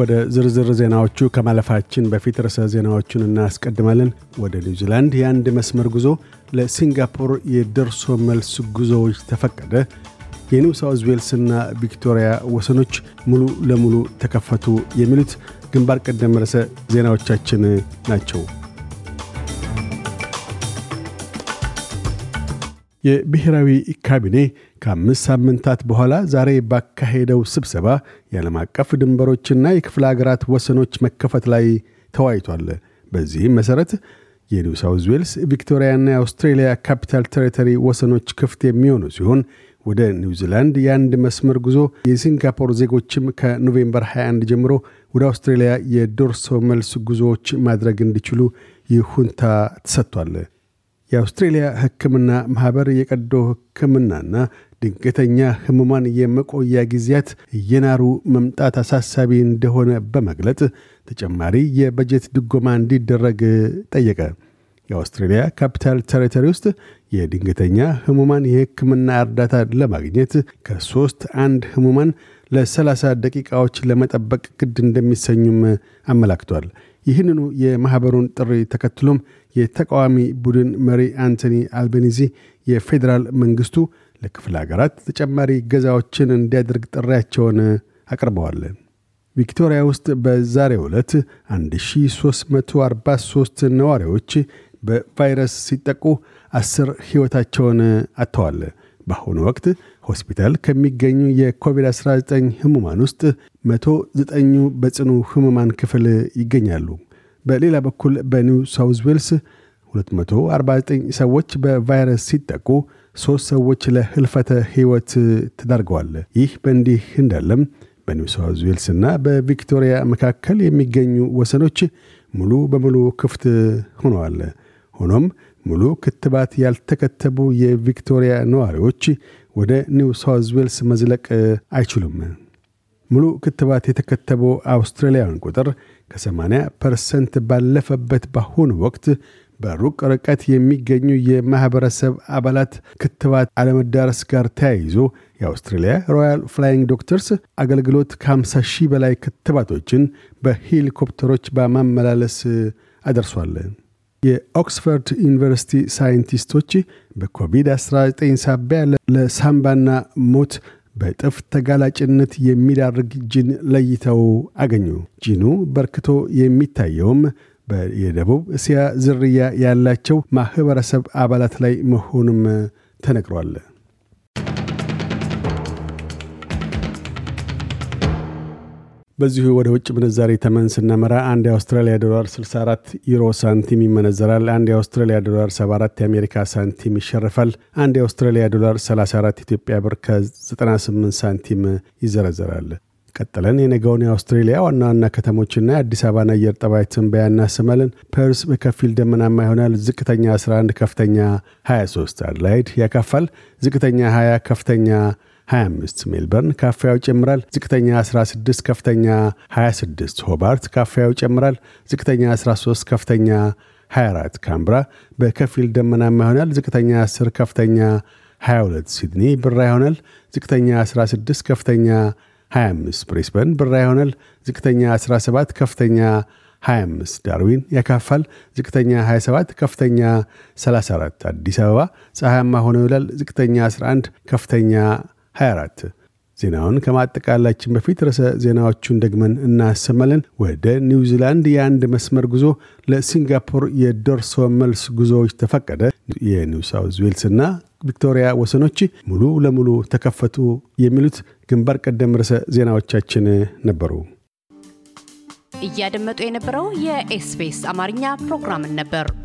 ወደ ዝርዝር ዜናዎቹ ከማለፋችን በፊት ርዕሰ ዜናዎቹን እናስቀድማለን። ወደ ኒውዚላንድ የአንድ መስመር ጉዞ ለሲንጋፖር የደርሶ መልስ ጉዞዎች ተፈቀደ። የኒው ሳውዝ ዌልስና ቪክቶሪያ ወሰኖች ሙሉ ለሙሉ ተከፈቱ። የሚሉት ግንባር ቀደም ርዕሰ ዜናዎቻችን ናቸው። የብሔራዊ ካቢኔ ከአምስት ሳምንታት በኋላ ዛሬ ባካሄደው ስብሰባ የዓለም አቀፍ ድንበሮችና የክፍለ አገራት ወሰኖች መከፈት ላይ ተወያይቷል። በዚህም መሠረት የኒው ሳውዝ ዌልስ፣ ቪክቶሪያና የአውስትሬልያ ካፒታል ቴሪተሪ ወሰኖች ክፍት የሚሆኑ ሲሆን ወደ ኒውዚላንድ የአንድ መስመር ጉዞ የሲንጋፖር ዜጎችም ከኖቬምበር 21 ጀምሮ ወደ አውስትሬልያ የዶርሶ መልስ ጉዞዎች ማድረግ እንዲችሉ ይሁንታ ተሰጥቷል። የአውስትሬልያ ህክምና ማህበር የቀዶ ህክምናና ድንገተኛ ህሙማን የመቆያ ጊዜያት እየናሩ መምጣት አሳሳቢ እንደሆነ በመግለጥ ተጨማሪ የበጀት ድጎማ እንዲደረግ ጠየቀ። የአውስትሬልያ ካፒታል ተሪተሪ ውስጥ የድንገተኛ ህሙማን የህክምና እርዳታ ለማግኘት ከሶስት አንድ ህሙማን ለ30 ደቂቃዎች ለመጠበቅ ግድ እንደሚሰኙም አመላክቷል። ይህንኑ የማኅበሩን ጥሪ ተከትሎም የተቃዋሚ ቡድን መሪ አንቶኒ አልቤኒዚ የፌዴራል መንግሥቱ ለክፍለ ሀገራት ተጨማሪ ገዛዎችን እንዲያደርግ ጥሪያቸውን አቅርበዋል። ቪክቶሪያ ውስጥ በዛሬ ዕለት 1343 ነዋሪዎች በቫይረስ ሲጠቁ አስር ሕይወታቸውን አጥተዋል። በአሁኑ ወቅት ሆስፒታል ከሚገኙ የኮቪድ-19 ህሙማን ውስጥ 109 በጽኑ ህሙማን ክፍል ይገኛሉ። በሌላ በኩል በኒው ሳውዝ ዌልስ 249 ሰዎች በቫይረስ ሲጠቁ ሦስት ሰዎች ለህልፈተ ሕይወት ተዳርገዋል። ይህ በእንዲህ እንዳለም በኒው ሳውዝ ዌልስ እና በቪክቶሪያ መካከል የሚገኙ ወሰኖች ሙሉ በሙሉ ክፍት ሆነዋል። ሆኖም ሙሉ ክትባት ያልተከተቡ የቪክቶሪያ ነዋሪዎች ወደ ኒው ሳውዝ ዌልስ መዝለቅ አይችሉም። ሙሉ ክትባት የተከተቡ አውስትራሊያውያን ቁጥር ከ80 ፐርሰንት ባለፈበት በአሁኑ ወቅት በሩቅ ርቀት የሚገኙ የማኅበረሰብ አባላት ክትባት አለመዳረስ ጋር ተያይዞ የአውስትሬልያ ሮያል ፍላይንግ ዶክተርስ አገልግሎት ከ50 ሺህ በላይ ክትባቶችን በሄሊኮፕተሮች በማመላለስ አደርሷል። የኦክስፎርድ ዩኒቨርሲቲ ሳይንቲስቶች በኮቪድ-19 ሳቢያ ለሳምባና ሞት በጥፍ ተጋላጭነት የሚዳርግ ጅን ለይተው አገኙ። ጂኑ በርክቶ የሚታየውም የደቡብ እስያ ዝርያ ያላቸው ማኅበረሰብ አባላት ላይ መሆኑም ተነግሯል። በዚሁ ወደ ውጭ ምንዛሬ ተመን ስናመራ አንድ የአውስትራሊያ ዶላር 64 ዩሮ ሳንቲም ይመነዘራል። አንድ የአውስትራሊያ ዶላር 74 የአሜሪካ ሳንቲም ይሸርፋል። አንድ የአውስትራሊያ ዶላር 34 ኢትዮጵያ ብር ከ98 ሳንቲም ይዘረዘራል። ቀጥለን የነገውን የአውስትሬሊያ ዋና ዋና ከተሞችና የአዲስ አበባን አየር ጠባይ ትንበያ እናሰማለን። ፐርስ በከፊል ደመናማ ይሆናል። ዝቅተኛ 11፣ ከፍተኛ 23። አድላይድ ያካፋል። ዝቅተኛ 20፣ ከፍተኛ 25 ሜልበርን ካፋያው ይጨምራል። ዝቅተኛ 16 ከፍተኛ 26 ሆባርት ካፋያው ይጨምራል። ዝቅተኛ 13 ከፍተኛ 24 ካምብራ በከፊል ደመናማ ይሆናል። ዝቅተኛ 10 ከፍተኛ 22 ሲድኒ ብራ ይሆናል። ዝቅተኛ 16 ከፍተኛ 25 ብሪስበን ብራ ይሆናል። ዝቅተኛ 17 ከፍተኛ 25 ዳርዊን ያካፋል። ዝቅተኛ 27 ከፍተኛ 34 አዲስ አበባ ፀሐያማ ሆኖ ይውላል። ዝቅተኛ 11 ከፍተኛ 24 ዜናውን ከማጠቃላችን በፊት ርዕሰ ዜናዎቹን ደግመን እናሰማለን። ወደ ኒውዚላንድ የአንድ መስመር ጉዞ ለሲንጋፖር የደርሶ መልስ ጉዞዎች ተፈቀደ። የኒውሳውዝ ዌልስ ና ቪክቶሪያ ወሰኖች ሙሉ ለሙሉ ተከፈቱ። የሚሉት ግንባር ቀደም ርዕሰ ዜናዎቻችን ነበሩ። እያደመጡ የነበረው የኤስፔስ አማርኛ ፕሮግራምን ነበር።